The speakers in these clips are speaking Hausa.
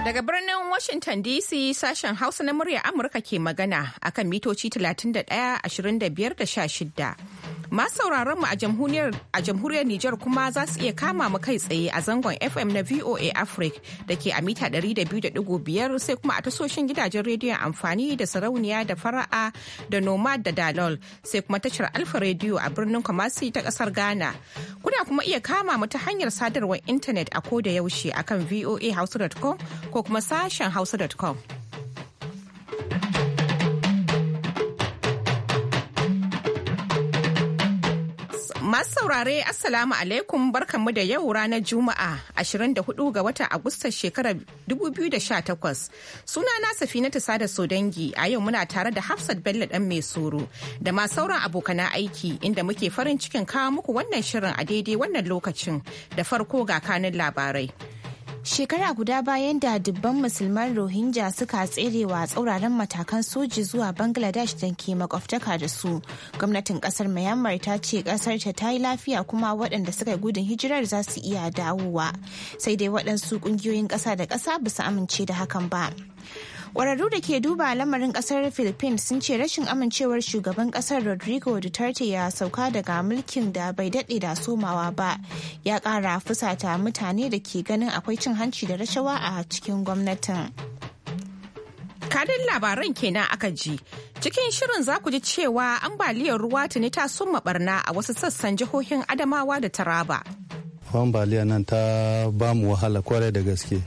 Daga birnin Washington DC sashen Hausa na murya Amurka ke magana akan mitoci 31, 25 da 16. Masu sauraron mu a jamhuriyar Nijar kuma za su iya kama mu kai tsaye a zangon FM na VOA Africa da ke a mita 200.5 sai kuma a tasoshin gidajen rediyon amfani da sarauniya da fara'a da nomad da dalol sai kuma tashar Alfa rediyo a birnin Kumasi ta kasar Ghana. Kuna kuma iya kama mu ta hanyar sadarwar intanet a ko da yaushe akan voahausa.com ko kuma sashen hausa.com. Masu saurare Assalamu alaikum barkanmu da yau ranar Juma'a 24 ga wata Agustus shekarar 2018. Suna na Safinatu Sada Sodangi a yau muna tare da Hafsat Bello dan mai soro da masu sauran abokan aiki inda muke farin cikin kawo muku wannan shirin a daidai wannan lokacin da farko ga kanin labarai. Shekara guda bayan da dubban musulman Rohingya suka tserewa tsauraran matakan soji zuwa Bangladesh don ke makwabtaka da su, gwamnatin kasar Myanmar ta ce kasar ta ta yi lafiya kuma waɗanda suka gudun hijirar za su iya dawowa. Sai dai waɗansu ƙungiyoyin ƙasa da ƙasa ba su amince da hakan ba. Kwararru da ke duba lamarin kasar Philippines sun ce rashin amincewar shugaban kasar Rodrigo Duterte ya sauka daga mulkin da bai daɗe da somawa ba ya ƙara fusata mutane da ke ganin akwai cin hanci da rashawa a cikin gwamnatin. Kadin labaran kenan aka ji. Cikin shirin za ku ji cewa ambaliyar ruwa tuni ta summa barna a wasu sassan jihohin Adamawa da Taraba. Ambaliyar nan ta bamu wahala kwarai da gaske.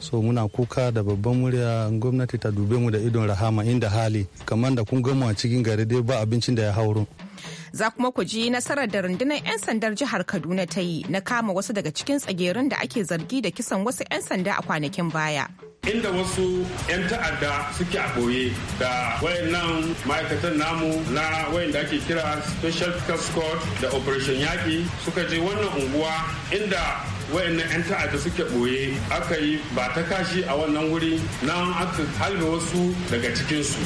so muna kuka da babban murya gwamnati ta dube mu da idon rahama inda hali kamar da kun gama cikin gari dai ba abincin da ya hauro Za kuma ku ji nasarar da rundunar 'yan sandar jihar Kaduna ta yi na kama wasu daga cikin tsagerun da ake zargi da kisan wasu 'yan sanda a kwanakin baya. inda wasu 'yan ta'adda suke a ɓoye da wayannan ma'aikatan namu na wayanda ake kira special task squad da operation yaƙi suka je wannan unguwa inda wayannan 'yan ta'adda suke ɓoye aka yi ba ta kashi a wannan wuri nan aka halbe wasu daga cikinsu.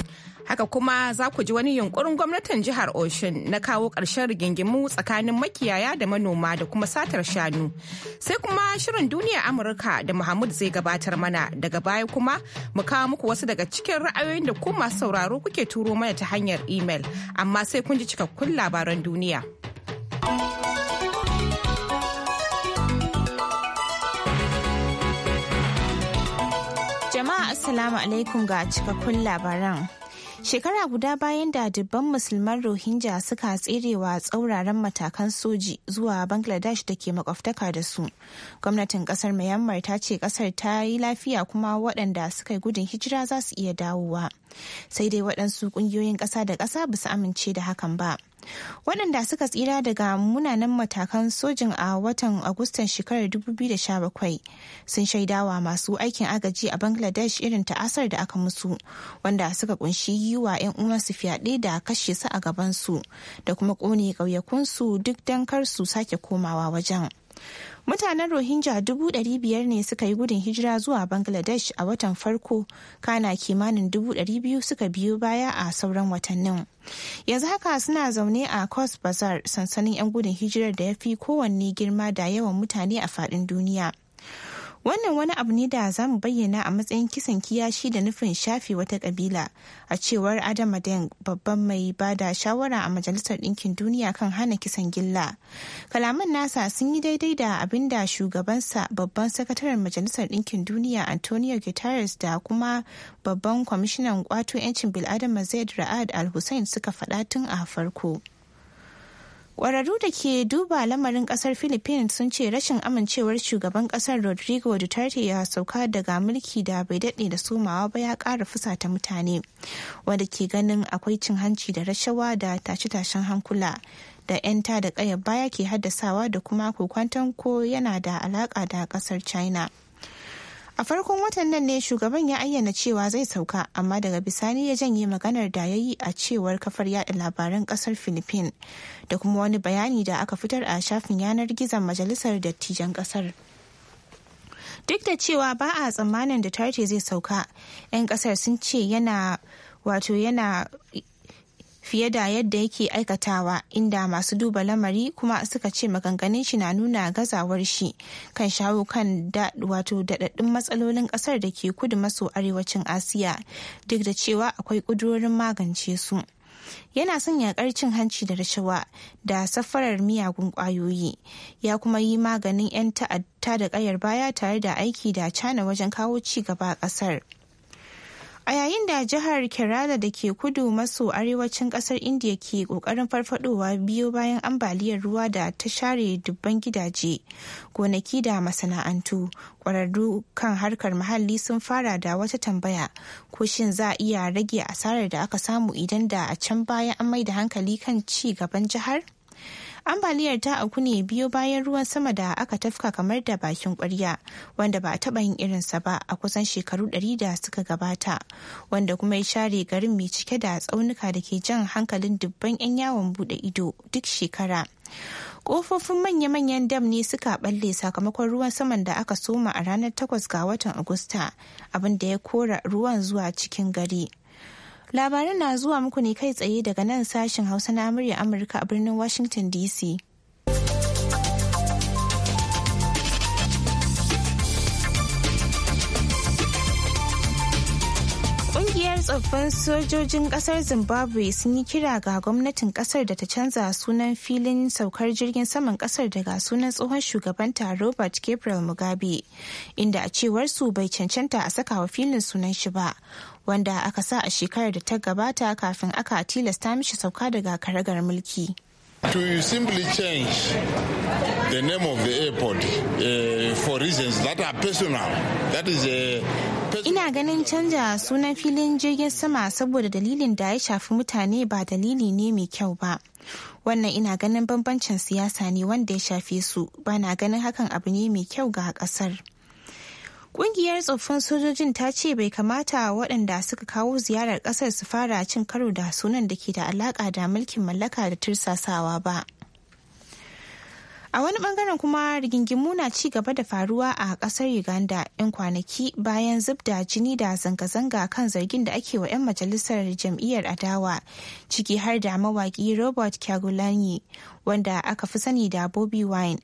Haka kuma za ku ji wani yunkurin gwamnatin jihar oshin na kawo ƙarshen rigingimu tsakanin makiyaya da manoma da kuma satar shanu. Sai kuma shirin duniya Amurka da Muhammad zai gabatar mana daga baya kuma mu kawo muku wasu daga cikin ra'ayoyin da kuma sauraro kuke turo mana ta hanyar imel amma sai kun ji cikakkun labaran duniya. jama'a Assalamu alaikum ga cikakkun labaran. Shekara guda bayan da dubban musulman Rohingya suka tserewa tsauraran matakan soji zuwa Bangladesh da ke makwabtaka da su. Gwamnatin kasar Myanmar ta ce kasar ta yi lafiya kuma waɗanda suka yi gudun hijira za su iya dawowa. Sai dai waɗansu ƙungiyoyin ƙasa da ƙasa ba su amince da hakan ba. waɗanda suka tsira daga munanan matakan sojin a watan agustan shekarar 2017 sun shaidawa masu aikin agaji a bangladesh irin ta'asar da aka musu wanda suka kunshi yi wa 'yan uwansu fyaɗe da kashe su a gabansu da kuma ƙone ƙauyakunsu duk don kar su sake komawa wajen mutanen rohingya dubu ɗari biyar ne suka yi gudun hijira zuwa bangladesh a watan farko kana kimanin dubu ɗari biyu suka biyo baya a sauran watannin yanzu haka suna zaune a cos bazar sansanin 'yan gudun hijirar da ya fi kowanne girma da yawan mutane a faɗin duniya wannan wani abu ne da za mu bayyana a matsayin kisan kiyashi da nufin shafe wata kabila a cewar adama Adeng babban mai ba da shawara a majalisar Dinkin duniya kan hana kisan gilla kalaman nasa sun yi daidai da abin da shugabansa babban sakataren majalisar Dinkin duniya antonio guterres da kuma babban kwamishinan kwato 'yancin bil'adama zaid ra'ad al-hussein suka faɗa tun a farko. Ƙwararru da ke duba lamarin ƙasar Philippines sun ce rashin amincewar shugaban ƙasar Rodrigo Duterte ya sauka daga mulki da bai daɗe da sumawa ba ya ƙara fusata mutane, wanda ke ganin akwai cin hanci da rashawa da tashe-tashen hankula da 'yanta da kaya baya ke haddasawa da kuma kokwanton ko yana da alaƙa da ƙasar China. a farkon watan nan ne shugaban ya ayyana cewa zai sauka amma daga bisani ya janye maganar da ya yi a cewar kafar yada labaran kasar philippines da kuma wani bayani da aka fitar a shafin yanar gizon majalisar dattijan kasar duk da cewa ba a tsammanin da tarte zai sauka 'yan kasar sun ce yana wato yana fiye da yadda yake aikatawa inda masu duba lamari kuma suka ce maganganun shi na nuna gazawar shi kan shawo kan wato daɗaɗɗun matsalolin ƙasar da ke kudu maso arewacin asiya duk da cewa akwai ƙudurorin magance su yana son yaƙar cin hanci da rashawa da safarar miyagun ƙwayoyi ya kuma yi maganin 'yan ta'adda da ƙayar baya tare da aiki da cana wajen kawo ci gaba a ƙasar. A yayin da jihar Kerala da ke kudu maso arewacin kasar India ke kokarin farfadowa biyo bayan ambaliyar ruwa da ta share dubban gidaje, gonaki da masana'antu, kwararru kan harkar muhalli sun fara da wata tambaya ko shin za a iya rage asarar da aka samu idan da a can baya an mai da hankali kan ci gaban jihar? ambaliyar ta auku ne biyo bayan ruwan sama da aka tafka kamar da bakin kwarya wanda ba a taɓa yin sa ba a kusan shekaru ɗari da suka gabata wanda kuma ya share garin mai cike da tsaunuka da ke jan hankalin dubban 'yan yawon buɗe ido duk shekara kofofin manya-manyan dam ne suka balle sakamakon ruwan saman da aka soma a ranar 8 ga watan agusta abin da ya kora ruwan zuwa cikin gari Labarin na zuwa muku ne kai tsaye daga nan sashen Hausa na murya Amurka a birnin Washington DC. tsoffin sojojin kasar zimbabwe sun yi kira ga gwamnatin kasar da ta canza sunan filin saukar jirgin saman kasar daga sunan tsohon shugabanta robert gabriel mugabe inda a cewar su bai cancanta a sakawa filin sunan shi ba wanda aka sa a shekarar da ta gabata kafin aka tilasta mishi sauka daga karagar mulki. to simply change the name of the airport uh, for reasons that are personal. That is eh, a Ina ganin canja sunan filin jirgin sama saboda dalilin da ya shafi mutane ba dalili ne mai kyau ba. Wannan ina ganin bambancin siyasa ne wanda ya shafe su, ba na ganin hakan abu ne mai kyau ga kasar. Ƙungiyar tsoffin sojojin ta ce bai kamata waɗanda suka kawo ziyarar ƙasar su fara cin karo da sunan da ke da alaƙa da mulkin mallaka da tirsasawa ba. A wani bangaren kuma rigingimu na ci gaba da faruwa a ƙasar Uganda 'yan kwanaki bayan zub da jini da zanga-zanga kan zargin da ake wa 'yan majalisar jam'iyyar adawa ciki har da mawaki Robert Kyagulanyi wanda aka fi sani da Bobby Wine.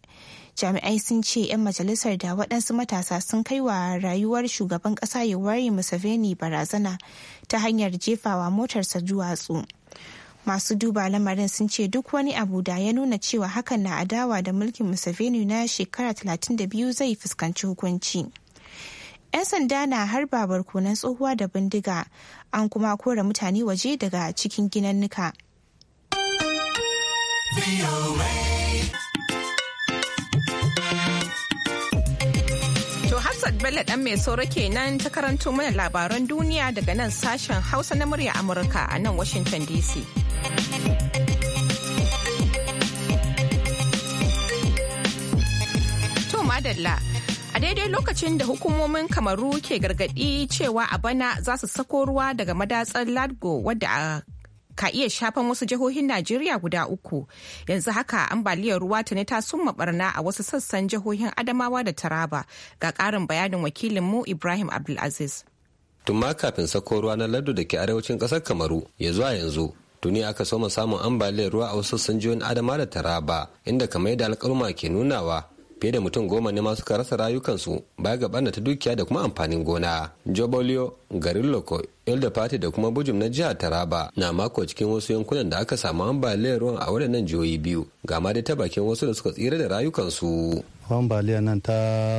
jami'ai sun ce 'yan majalisar da waɗansu matasa sun kai wa rayuwar shugaban ƙasa yawari museveni barazana ta hanyar jefawa motarsa duwatsu masu duba lamarin sun ce duk wani abu da ya nuna cewa hakan na adawa da mulkin museveni na shekara 32 zai fuskanci hukunci 'yan sanda na harba barkonan tsohuwa da bindiga an kuma kora mutane waje daga cikin ginannuka. Hafsat Bello ɗan mai sauro kenan ta karanto mana labaran duniya daga nan sashen Hausa na murya Amurka a nan Washington DC. To madalla. A daidai lokacin da hukumomin kamaru ke gargadi cewa a bana za su sako ruwa daga madatsar Ladgo wadda a ka iya shafan wasu jihohin Najeriya guda uku. Yanzu haka ambaliyar ruwa ta ne ta summa barna a wasu sassan jihohin Adamawa da Taraba. Ga ƙarin bayanin wakilinmu Ibrahim Abdulaziz. Tun ma kafin sako ruwa na lardu da ke arewacin ƙasar Kamaru ya zuwa yanzu. Tuni aka soma samun ambaliyar ruwa a wasu sassan jihohin Adama da Taraba inda kamar yadda alƙaluma ke nunawa fiye da mutum goma ne masu rasa rayukansu baya ga ta dukiya da kuma amfanin gona jobolio garin loko ilda party da kuma bujum na jihar taraba na mako cikin wasu yankunan da aka samu ambaliyar ruwan a waɗannan jihohi biyu ga ma dai ta bakin wasu da suka tsira da rayukansu ambaliyar nan ta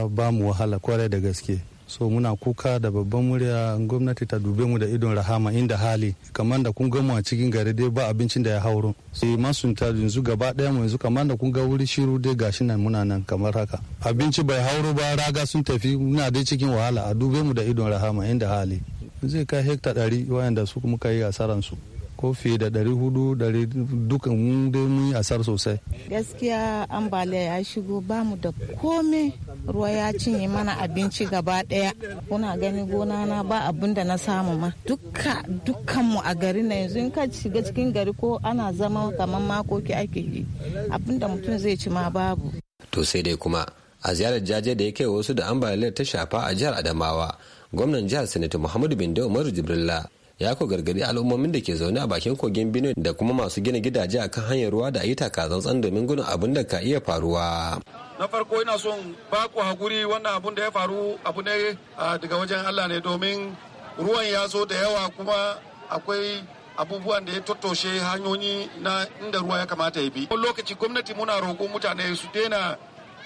bamu wahala kwarai da gaske so muna kuka da babban murya gwamnati ta dube mu da idon rahama inda hali kamar da kun gama cikin gari dai ba abincin da ya hauro sai masunta yanzu gaba daya mu yanzu kamar da kun ga wuri shiru dai gashi nan muna nan kamar haka abinci bai hauro ba raga sun tafi muna dai cikin wahala a dube mu da idon rahama inda hali zai kai hekta ɗari wayanda su muka yi asaran su ko fiye da ɗari hudu ɗari dukan mun dai mun yi asar sosai gaskiya ambaliya ya shigo bamu da komai ruwa ya cinye mana abinci gaba daya kuna gani gona na ba abin da na samu ma dukka dukkanmu a gari na yanzu in ka shiga cikin gari ko ana zama kamar makoki ake yi abin da mutum zai ci ma babu to sai dai kuma a ziyarar jaje da ya wasu da ambaliyar ta shafa a jihar adamawa gwamnan jihar sanata muhammadu bindo umaru jibrilla ya ko gargadi al'ummomin da ke zaune a bakin kogin Benue da kuma masu gina gidaje akan hanyar ruwa da ayyuka kazantsan domin gudun abin da ka iya faruwa. Na farko ina son ba ku hakuri wannan abun da ya faru abu ne daga wajen Allah ne domin ruwan ya zo da yawa kuma akwai abubuwan da ya tattoshe hanyoyi na inda ruwa ya kamata ya bi. Wani lokaci gwamnati muna roƙo mutane su daina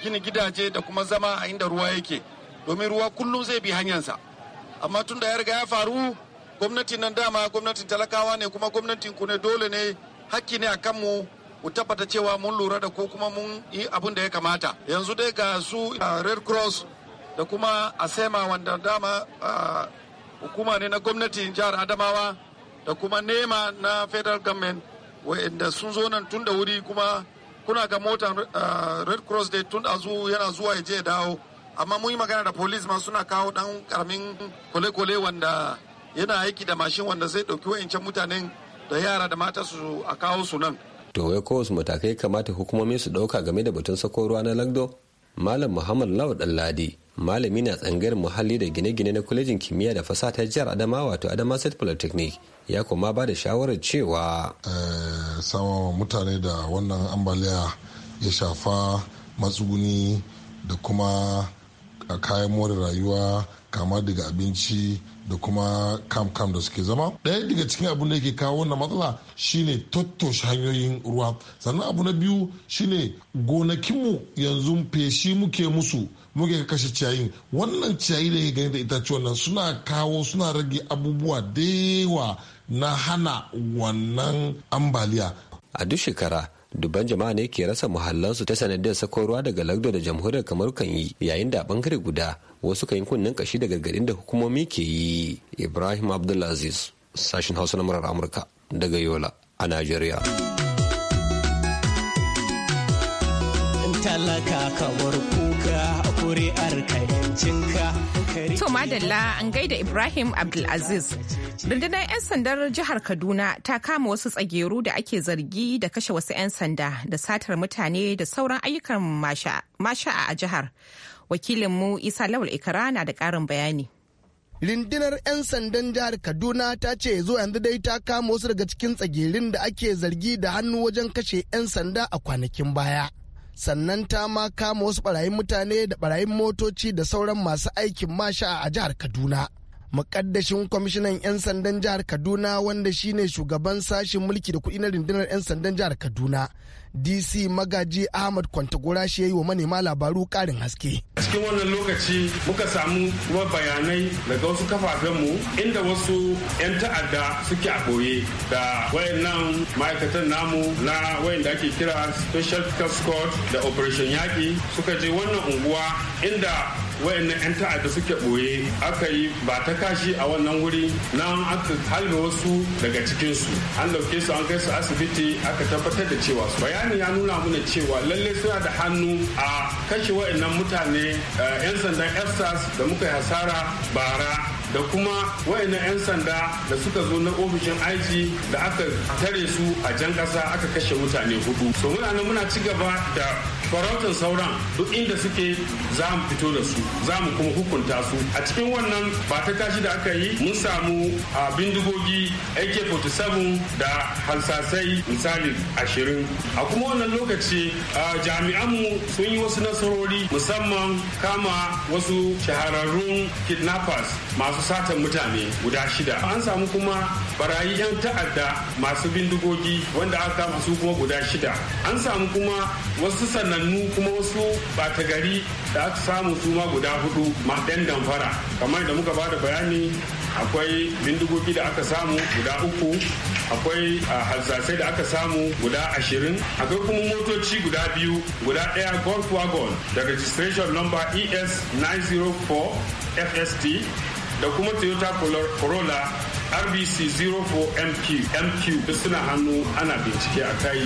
gina gidaje da kuma zama a inda ruwa yake domin ruwa kullum zai bi hanyarsa. Amma tunda da ya riga ya faru gwamnatin nan dama gwamnatin talakawa ne kuma gwamnatin ku ne dole ne hakki ne a kanmu mu tabbata cewa mun lura da ko kuma mun yi abin da ya kamata yanzu dai ga su red cross da kuma asema wanda dama hukuma ne na gwamnatin jihar adamawa da kuma nema na federal government wa'inda sun zo nan tun da wuri kuma kuna ga mota red cross dai tun a yana zuwa ya je ya dawo amma mun yi magana da police ma suna kawo dan karamin kole-kole wanda yana aiki da mashin wanda zai ɗauki wayancan mutanen da yara da mata su a kawo su nan. To wai ko wasu matakai kamata hukumomi su ɗauka game da batun sako ruwa na Lagdo? Malam Muhammad Lawal Ɗanladi, malami na tsangayar muhalli da gine-gine na kwalejin kimiyya da fasaha ta jihar adama wato Adama State Polytechnic ya kuma ba da shawarar cewa. Eh, sama mutane da wannan ambaliya ya shafa matsuguni da kuma a kayan more rayuwa kama daga abinci da kuma kam-kam da suke zama ɗaya daga cikin abin da yake kawo wannan matsala shine tattoshe hanyoyin ruwa sannan abu na biyu shine gonakinmu yanzu feshi muke musu muke kashe ciyayin wannan ciyayi da ke gani da itaciyon nan suna kawo suna rage abubuwa da yawa na hana wannan ambaliya a duk shekara dubban jama'a ne ke rasa muhallansu ta sanadiyar sako ruwa daga lagdo da jamhuriyar kamar kan yi yayin da bangare guda wasu kan yi kunnen kashi da gargadin da hukumomi ke yi ibrahim abdulaziz sashen hausa na murar amurka daga yola a najeriya talaka kamar kuka kuri'ar kayancinka To madalla an gaida Ibrahim Abdulaziz. Rundunar 'yan sandar jihar Kaduna ta kama wasu tsageru da ake zargi da kashe wasu 'yan sanda da satar mutane da sauran ayyukan masha'a a jihar. Wakilinmu Isa Lawal Ikara na da ƙarin bayani. Rindinar 'yan sandan jihar Kaduna ta ce zuwa yanzu dai ta kama wasu daga cikin tsagerin da ake zargi da hannu wajen kashe 'yan sanda a kwanakin baya. sannan ta ma kama wasu barayin mutane da barayin motoci da sauran masu aikin masha a jihar kaduna mukaddashin kwamishinan 'yan sandan jihar kaduna wanda shine shugaban sashen mulki da kuɗi na rundunar 'yan sandan jihar kaduna dc magaji ahmad kwantagora shi ya yi wa manema labaru karin haske cikin wannan lokaci muka samu kuma bayanai daga wasu kafafenmu inda wasu 'yan ta'adda suke a ɓoye da wayannan ma'aikatan namu na wayanda ake kira special task squad da operation yaki suka je wannan unguwa inda wayannan 'yan ta'adda suke boye aka yi ba ta kashi a wannan wuri na aka halbe wasu daga cikinsu an dauke su an kai su asibiti aka tabbatar da cewa su bayanin ya nuna mana cewa lalle suna da hannu a kashe wa'annan mutane eh, 'yan sandan efsas da muka yi hasara bara da kuma wayannan 'yan sanda da suka zo na ofishin IG da aka tare su a jan ƙasa aka kashe mutane hudu so muna nan muna ci gaba da farautan sauran duk inda suke za mu fito da su za mu kuma hukunta su a cikin wannan ba ta tashi da aka yi mun samu a bindigogi ak-47 da halsasai misali ashirin a kuma wannan lokaci jami'anmu sun yi wasu nasarori musamman kama wasu shahararrun kidnappers masu satan mutane guda shida an samu kuma barayi 'yan ta'adda masu bindigogi wanda aka kama su kuma guda shida an samu kuma wasu sannan sanannu kuma wasu bata gari da aka samu su ma guda hudu maɗan damfara kamar da muka bada bayani akwai bindigogi da aka samu guda uku akwai hazzasai da aka samu guda ashirin akwai kuma motoci guda biyu guda ɗaya golf wagon da registration number es 904 fst da kuma toyota corolla rbc 04 mq mq duk suna hannu ana bincike a kai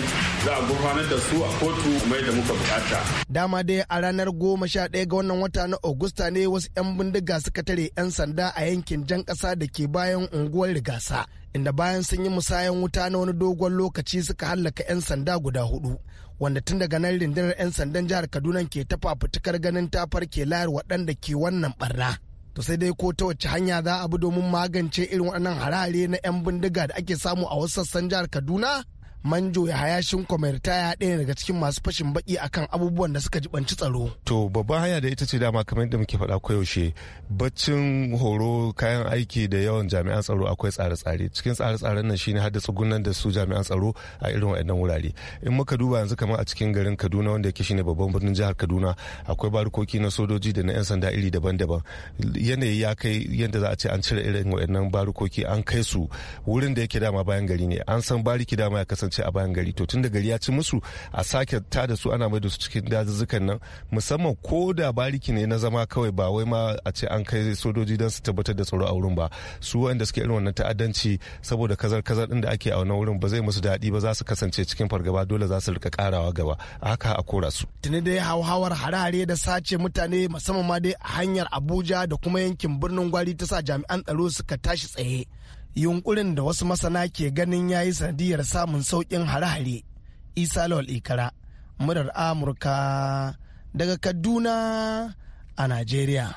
za a gurfanar da su a kotu mai da muka bukata dama dai a ranar goma sha ɗaya ga wannan wata na augusta ne wasu 'yan bindiga suka tare 'yan sanda a yankin jan kasa da ke bayan unguwar rigasa inda bayan sun yi musayan wuta na wani dogon lokaci suka hallaka 'yan sanda guda hudu wanda tun daga nan rindinar 'yan sandan jihar kaduna ke tafa fitikar ganin ta farke layar waɗanda ke wannan barna to sai dai ko ta wacce hanya za a bi domin magance irin waɗannan harare na 'yan bindiga da ake samu a wasu sassan jihar kaduna manjo ya hayashin ya ɗaya daga cikin masu fashin baki akan abubuwan da suka jibanci tsaro to babban hanya da ita ce dama kamar yadda muke faɗa koyaushe baccin horo kayan aiki da yawan jami'an tsaro akwai tsare-tsare cikin tsare-tsaren nan shine haddasa gunnan da su jami'an tsaro a irin waɗannan wurare in muka duba yanzu kamar a cikin garin kaduna wanda yake shine babban birnin jihar kaduna akwai barikoki na sojoji da na 'yan sanda iri daban-daban yanayi ya kai yadda za a ce an cire irin waɗannan barikoki an kai su wurin da yake dama bayan gari ne an san bariki dama ya kasance ce a bayan gari to tunda da gari ya ci musu a sake ta da su ana mai da su cikin dazuzzukan nan musamman ko da bariki ne na zama kawai ba wai ma a ce an kai sojoji don su tabbatar da tsaro a wurin ba su wanda suke irin wannan ta'addanci saboda kazar kazar din da ake a wannan wurin ba zai musu daɗi ba za su kasance cikin fargaba dole za su rika karawa gaba haka a kora su tuni dai hauhawar harare da sace mutane musamman ma dai hanyar abuja da kuma yankin birnin gwari ta sa jami'an tsaro suka tashi tsaye yunkurin da wasu masana ke ganin ya yi sanadiyar samun sauƙin hare-hare isa lawal ikara murar amurka daga kaduna a najeriya.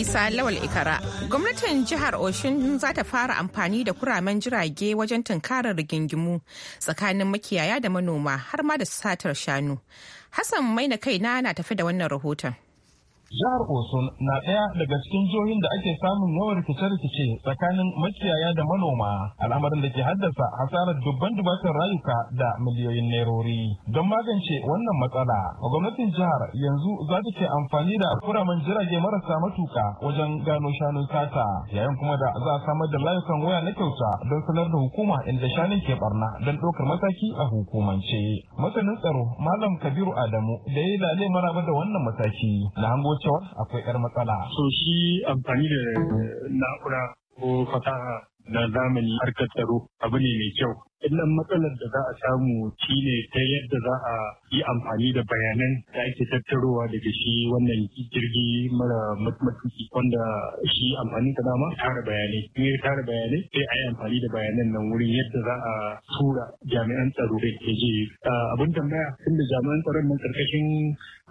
Isa Lawal Ikara. Gwamnatin jihar Oshun za ta fara amfani da kuramen jirage wajen tunkarar rigingimu tsakanin makiyaya da manoma har ma da satar shanu. Hassan mai na kaina na tafi da wannan rahoton. Jihar Osun na ɗaya daga cikin jihohin da ake samun yawan rikice-rikice tsakanin makiyaya da manoma, al'amarin da ke haddasa hasarar dubban dubatan rayuka da miliyoyin nerori. Don magance wannan matsala, gwamnatin jihar yanzu za ta ke amfani da kuraman jirage marasa matuka wajen gano shanun sata, yayin kuma da za a samar da layukan waya na kyauta don sanar da hukuma inda shanun ke barna don ɗaukar mataki a hukumance. Masanin tsaro Malam Kabiru Adamu da ya yi lale maraba da wannan mataki na hango cewar akwai yar matsala. So shi amfani da na'ura ko fasaha na zamani harkar tsaro abu ne mai kyau Illan matsalar da za a samu ne ta yadda za a yi amfani da bayanan da ake tattarowa daga shi wannan jirgi mara matuki wanda shi amfani da dama tara bayanai. Ni ya tara bayanai sai a yi amfani da bayanan nan wurin yadda za a tura jami'an tsaro da ke je. Abin tambaya da jami'an tsaron nan karkashin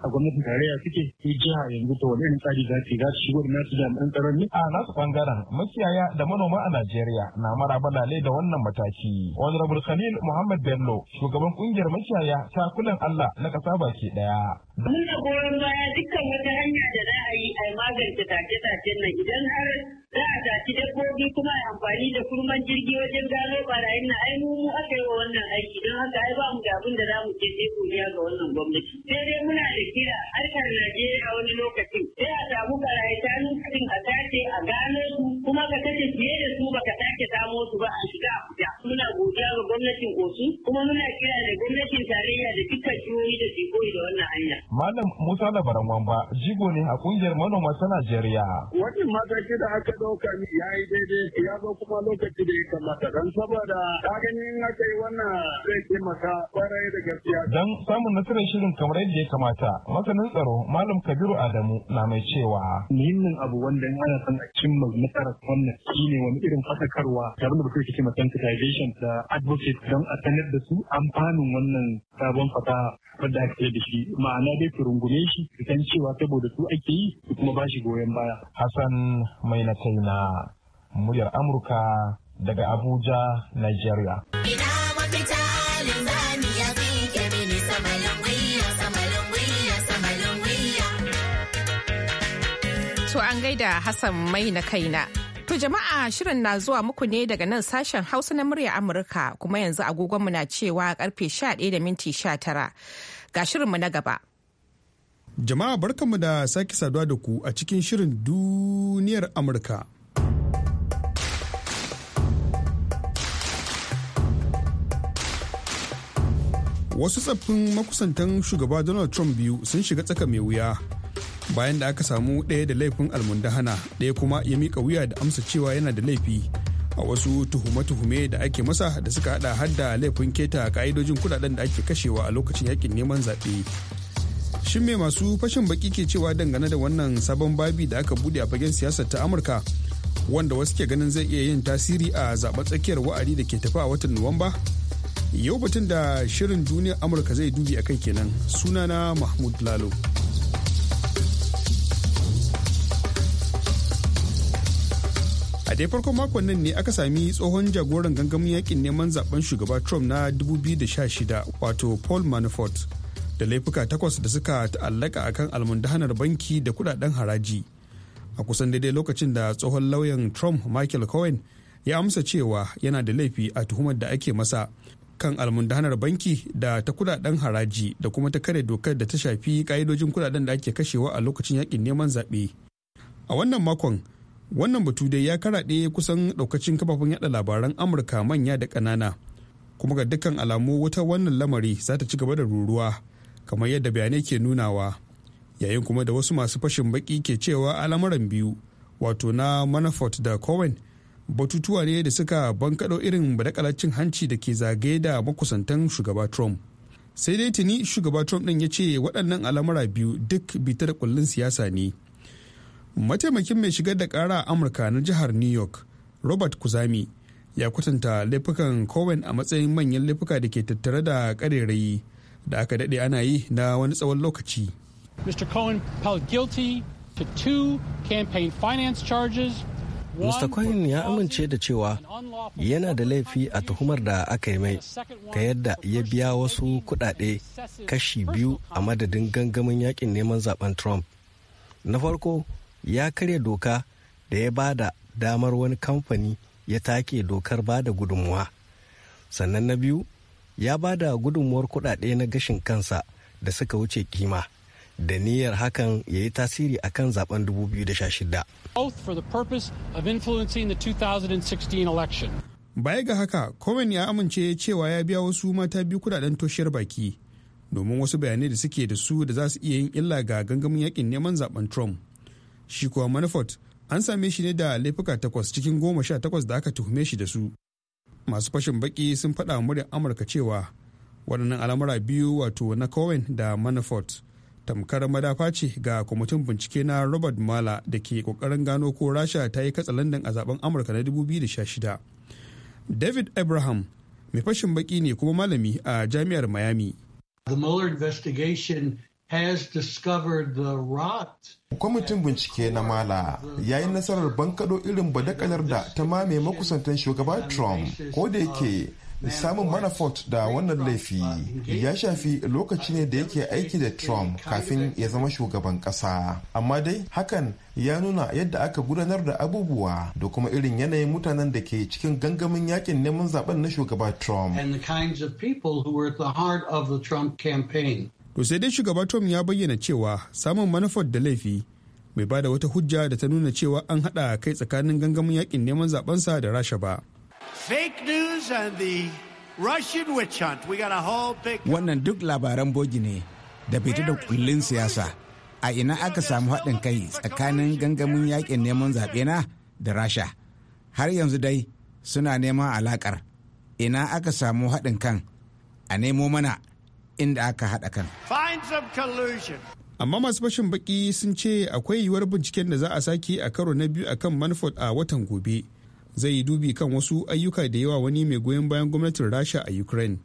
a gwamnatin tarayya suke su jiha yanzu to wani irin tsari za su za su shigo da nasu jami'an tsaron ne. A nasu bangaren makiyaya da manoma a Najeriya na maraba lale da wannan mataki. Wani Abdulrahman khalil muhammad bello shugaban kungiyar makiyaya takulan allah na kasa baki daya muna goyon baya dukkan wata hanya da za a yi a magance tace-tacen nan idan har za a taci dabbobi kuma a amfani da kurman jirgi wajen gano barayin na ai mu aka yi wa wannan aiki don haka ai ba mu da abin da za mu ce sai kuriya ga wannan gwamnati sai dai muna da kira harkar Najeriya wani lokacin sai a samu barayi shanun cikin a tace a gano su kuma ka tace fiye da su baka sake samo su ba a shiga Abuja muna godiya ga gwamnatin Osun kuma muna kira da gwamnatin tarayya da dukkan jihohi da su da wannan hanya. Malam Musa Labaran Wamba jigo ne a kungiyar manoma ta Najeriya. Wannan mataki da aka ɗauka ni ya yi daidai ya zo kuma lokaci da ya kamata don saboda ka gani in aka yi wannan zai taimaka kwarai da gaskiya. Don samun nasarar shirin kamar yadda ya kamata masanin tsaro Malam Kabiru Adamu na mai cewa. Muhimmin abu wanda in ana son a cimma nasarar wannan shi ne wani irin fasakarwa da abin da mutum ke cimma sensitization da advocate don a sanar da su amfanin wannan sabon fasaha wadda ake da shi ma'ana ma'ana dai su rungume shi ku san cewa saboda su ake yi su kuma ba shi goyon baya. Hassan mai na kai na muryar Amurka daga Abuja, Nigeria. To an gaida Hassan mai na kaina. To jama'a shirin na zuwa muku ne daga nan sashen Hausa na murya Amurka kuma yanzu agogonmu na cewa karfe 11 da minti 19 ga shirinmu na gaba. Jama'a barkanmu da sake saduwa da ku a cikin shirin duniyar Amurka. Wasu tsaffin makusantan shugaba Donald Trump biyu sun shiga tsaka mai wuya bayan da aka samu ɗaya da laifin almundahana ɗaya kuma ya mika wuya da amsa cewa yana da laifi a wasu tuhume-tuhume da ake masa da suka hada hadda laifin keta ka'idojin kudaden da ake kashewa a lokacin yakin neman zaɓe Shin me masu fashin baki ke cewa dangane da wannan sabon babi da aka bude a fagen siyasar ta Amurka wanda wasu ke ganin zai iya yin tasiri a zaɓen tsakiyar wa'adi da ke tafi a watan Nuwamba? Yau batun da shirin duniyar Amurka zai dubi a kai kenan na Mahmud Lalo. a dai farkon makon nan ne aka sami tsohon jagoran gangamin yakin neman zaben shugaba trump na 2016 wato paul manafort da laifuka takwas da suka ta'allaka akan almundahanar banki da kudaden haraji a kusan daidai lokacin da tsohon lauyan trump michael cohen ya amsa cewa yana da laifi a tuhumar da ake masa kan almundahanar banki da ta kudaden haraji da kuma ta kare dokar da ta shafi ka'idojin kudaden da ake kashewa a lokacin yakin neman zaɓe a wannan makon wannan batu dai ya karaɗe kusan ɗaukacin kafafen yada labaran amurka manya da ƙanana kuma ga dukkan alamu wata wannan lamari za ta ci gaba da ruruwa kamar yadda bayanai ke nunawa yayin kuma da wasu masu fashin baki ke cewa al'amuran biyu wato na manafort da cowen batutuwa ne da suka bankaɗo irin badakalar hanci da ke zagaye da makusantan shugaba trump sai dai tuni shugaba trump ɗin ya ce waɗannan al'amura biyu duk bitar kullun siyasa ne mataimakin mai shigar da ƙara a amurka na jihar new york robert kuzami ya kwatanta laifukan cowen a matsayin manyan laifuka da ke tattare da ƙarerayi da aka daɗe ana yi na wani tsawon lokaci. Mr. Cohen felt guilty to two campaign finance charges Mr. Cohen ya amince da cewa yana da laifi a tuhumar da aka yi mai ta yadda ya biya wasu kuɗaɗe kashi biyu a madadin gangamin yakin neman zaben Trump. Na farko ya karya doka da ya ba da damar wani kamfani ya take dokar ba da gudunmuwa. Sannan na biyu ya ba da gudunmuwar kuɗaɗe na gashin kansa da suka wuce kima da niyyar hakan ya yi tasiri a kan zaben 2016. Baya ga haka, Komen ya amince cewa ya biya wasu mata biyu kudaden toshiyar baki domin wasu bayanai da suke da su da za su iya yin illa ga gangamin yakin neman zaben Trump. Shi kuwa Manafort an same shi ne da laifuka takwas cikin goma sha takwas da aka tuhume shi da su. masu fashin baki sun faɗa muryar amurka cewa waɗannan al'amura biyu wato na cohen da manafort tamkar madafa ce ga kwamitin bincike na robert mala da ke kokarin gano ko rasha ta yi katsalandan a zaben amurka na 2016 david abraham mai fashin baki ne kuma malami a jami'ar miami The Mueller Kwamitin bincike na Mala ya yi nasarar bankaɗo irin badakalar da ta mame makusantan shugaba Trump, ko da yake samun manafort da wannan laifi ya shafi lokaci ne da yake aiki da trump kafin ya zama shugaban ƙasa amma dai hakan ya nuna yadda aka gudanar da abubuwa da kuma irin yanayin mutanen da ke cikin gangamin yakin neman zaben na shugaba trump to sai dai shugaba tom ya bayyana cewa samun manufar da laifi bai ba da wata hujja da ta nuna cewa an haɗa kai tsakanin gangamin yakin neman zabensa da rasha ba fake the wannan duk labaran bogi ne da bai da kullun siyasa a ina aka samu haɗin kai tsakanin gangamin yakin neman zaɓe na da rasha har yanzu dai suna neman alakar ina aka samu haɗin kan a nemo mana inda aka haɗa kan. Amma masu fashin baki sun ce akwai yiwuwar binciken da za a sake a karo na biyu akan Manford a watan gobe. Zai yi dubi kan wasu ayyuka da yawa wani mai goyon bayan gwamnatin Rasha a Ukraine.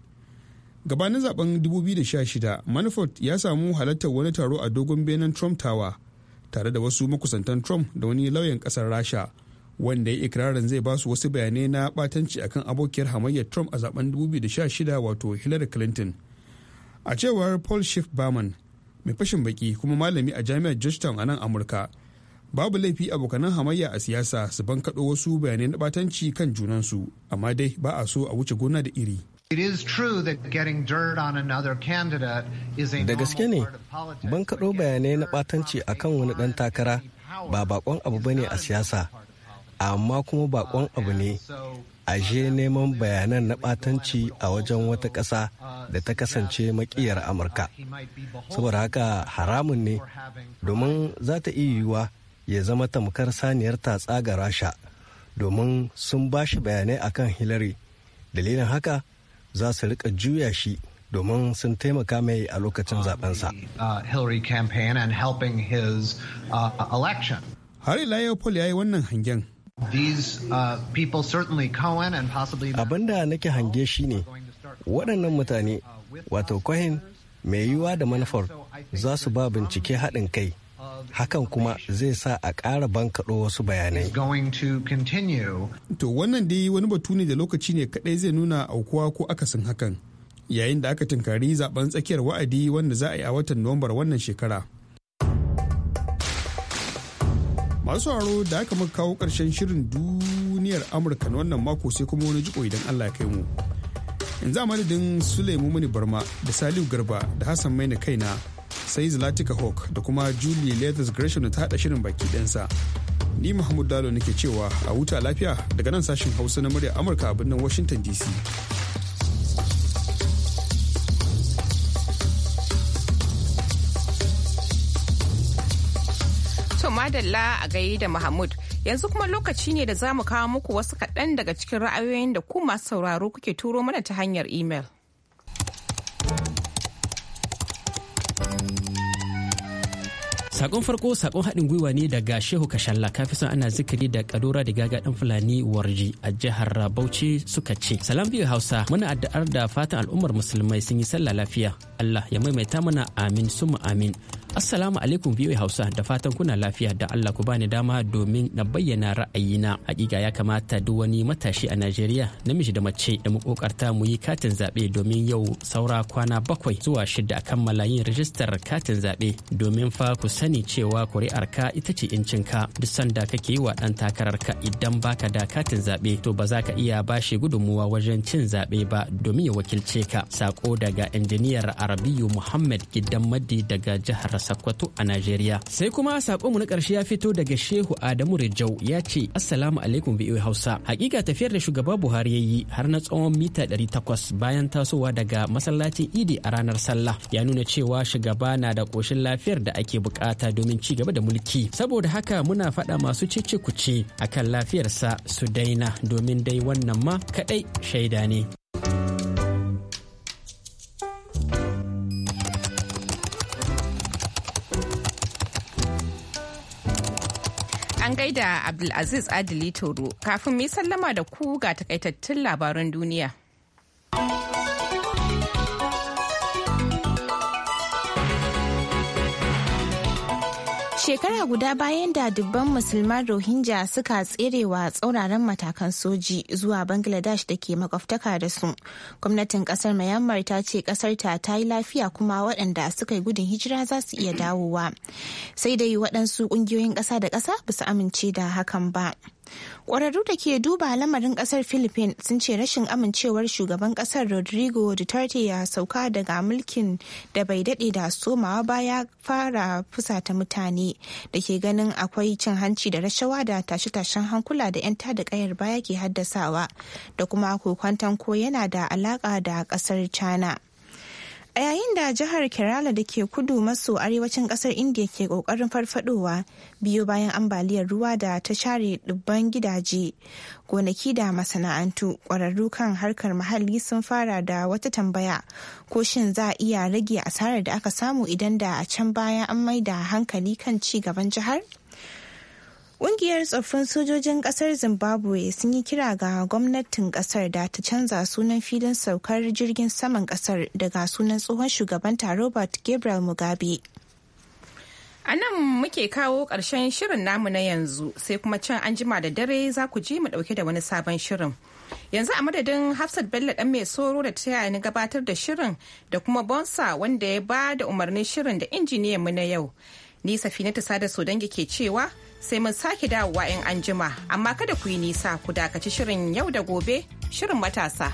Gabanin zaben 2016, Manford ya samu halartar wani taro a dogon benin Trump Tower tare da wasu makusantan Trump da wani lauyan kasar Rasha. wanda ya ikirarin zai basu wasu bayanai na batanci akan abokiyar hamayyar trump a zaben 2016 wato hillary clinton a cewar paul schiff barman mai fashin baki kuma malami a jami'ar georgetown a nan amurka babu laifi abokanan hamayya a siyasa su ban kaɗo wasu bayanai na batanci kan junansu amma dai ba a so a wuce gona da iri that is da gaske ne bankaɗo bayanai na batanci akan wani ɗan takara ba bakon abu bane a siyasa amma kuma bakon abu ne ashe neman bayanan na batanci a wajen wata ƙasa da ta kasance makiyar amurka saboda haka haramun ne domin za ta iya yiwuwa ya zama tamkar saniyar tatsa ga rasha domin sun ba shi bayanai akan hillary dalilin haka za su rika juya shi domin sun taimaka mai a lokacin zabensa. Uh, hillary campaign uh, Har ila yau ya yi wannan hangen Uh, Abin da nake hange shi ne waɗannan mutane wato Cohen mai yiwuwa da manufar za su ba bincike haɗin kai hakan kuma zai sa a ƙara bankaɗo wasu bayanai. To wannan dai wani batu ne da lokaci ne kaɗai zai nuna aukuwa ko akasin hakan yayin da aka tunkari zaben tsakiyar wa'adi wanda za a yi a watan Nuwambar wannan shekara. masu sauraro da aka muka kawo ƙarshen shirin duniyar amurka na wannan mako sai kuma wani jiko idan allah ya kai mu yanzu a madadin suleiman muni barma da saliu garba da hassan maina kaina sai zlatika hawk da kuma julie leathers gresham ta haɗa shirin baki ɗansa ni mahmud dalo nake cewa a huta lafiya daga nan sashen hausa na murya amurka a birnin washington dc madalla a gayi da Mahmud. Yanzu kuma lokaci ne da za mu kawo muku wasu kaɗan daga cikin ra'ayoyin da ku masu sauraro kuke turo mana ta hanyar imel. sakon farko sakon haɗin gwiwa ne daga shehu kashalla kafi son ana zikiri da kadora da gaga dan fulani warji a jihar bauchi suka ce salam biyu hausa muna addu'ar da fatan al'ummar musulmai sun yi sallah lafiya allah ya maimaita mana amin mu amin Assalamu alaikum biyu Hausa da fatan kuna lafiya da Allah ku bani dama domin na bayyana ra'ayina. Hakika ya kamata duk wani matashi a Najeriya namiji da mace da mu kokarta mu yi katin zaɓe domin yau saura kwana bakwai zuwa shida a kammala yin rijistar katin zaɓe domin fa ku sani sani cewa kuri'ar ka ita ce incin ka duk sanda kake yi wa ɗan ka idan baka da katin zabe to ba za ka iya bashi gudunmuwa wajen cin zaɓe ba domin ya wakilce ka sako daga injiniyar arabiyu muhammad gidan maddi daga jihar sakkwato a najeriya sai kuma mu na karshe ya fito daga shehu adamu rijau ya ce assalamu alaikum voa hausa hakika tafiyar da shugaba buhari ya yi har na tsawon mita ɗari takwas bayan tasowa daga masallacin idi a ranar sallah ya nuna cewa shugaba na da ƙoshin lafiyar da ake bukata bukata domin ci gaba da mulki saboda haka muna faɗa masu cece kuce akan lafiyarsa su daina domin dai wannan ma kaɗai shaida ne an gaida Abdulaziz Adili Toro kafin mu sallama da ku ga takaitattun labaran duniya. Shekara guda bayan da dubban musulman Rohingya suka tserewa tsauraran matakan soji zuwa Bangladesh da ke makwabtaka da su. Gwamnatin kasar Myanmar ta ce kasar ta ta yi lafiya kuma waɗanda suka yi gudun hijira za su iya dawowa. Sai dai waɗansu ƙungiyoyin ƙasa da ƙasa ba su amince da hakan ba. Ƙwararru da ke duba lamarin ƙasar Philippines sun ce rashin amincewar shugaban ƙasar Rodrigo Duterte ya sauka daga mulkin da bai daɗe da somawa baya fara fusata mutane da ke ganin akwai cin hanci da rashawa da tashe-tashen hankula da 'yan da ƙayar baya ke haddasawa da kuma kokwanton ko yana da alaƙa da ƙasar China. A yayin da jihar Kerala da ke kudu maso arewacin kasar India ke kokarin farfadowa biyu bayan ambaliyar ruwa da ta share dubban gidaje, gonaki da masana'antu kwararru kan harkar muhalli sun fara da wata tambaya ko shin za a iya rage asarar da aka samu idan da a can baya an mai da hankali kan ci gaban jihar? Ƙungiyar tsoffin sojojin ƙasar Zimbabwe sun yi kira ga gwamnatin ƙasar da ta canza sunan filin saukar jirgin saman ƙasar daga sunan tsohon shugabanta Robert Gabriel Mugabe. A nan muke kawo ƙarshen shirin namu na yanzu sai kuma can an jima da dare za ku ji mu ɗauke da wani sabon shirin. Yanzu a madadin Hafsat Bello ɗan mai soro da ta ni gabatar da shirin da kuma Bonsa wanda ya ba da umarnin shirin da injiniyan mu na yau. Ni ta Sada Sodangi ke cewa sai mun sake dawowa in an jima amma kada ku yi nisa ku dakaci shirin yau da gobe shirin matasa.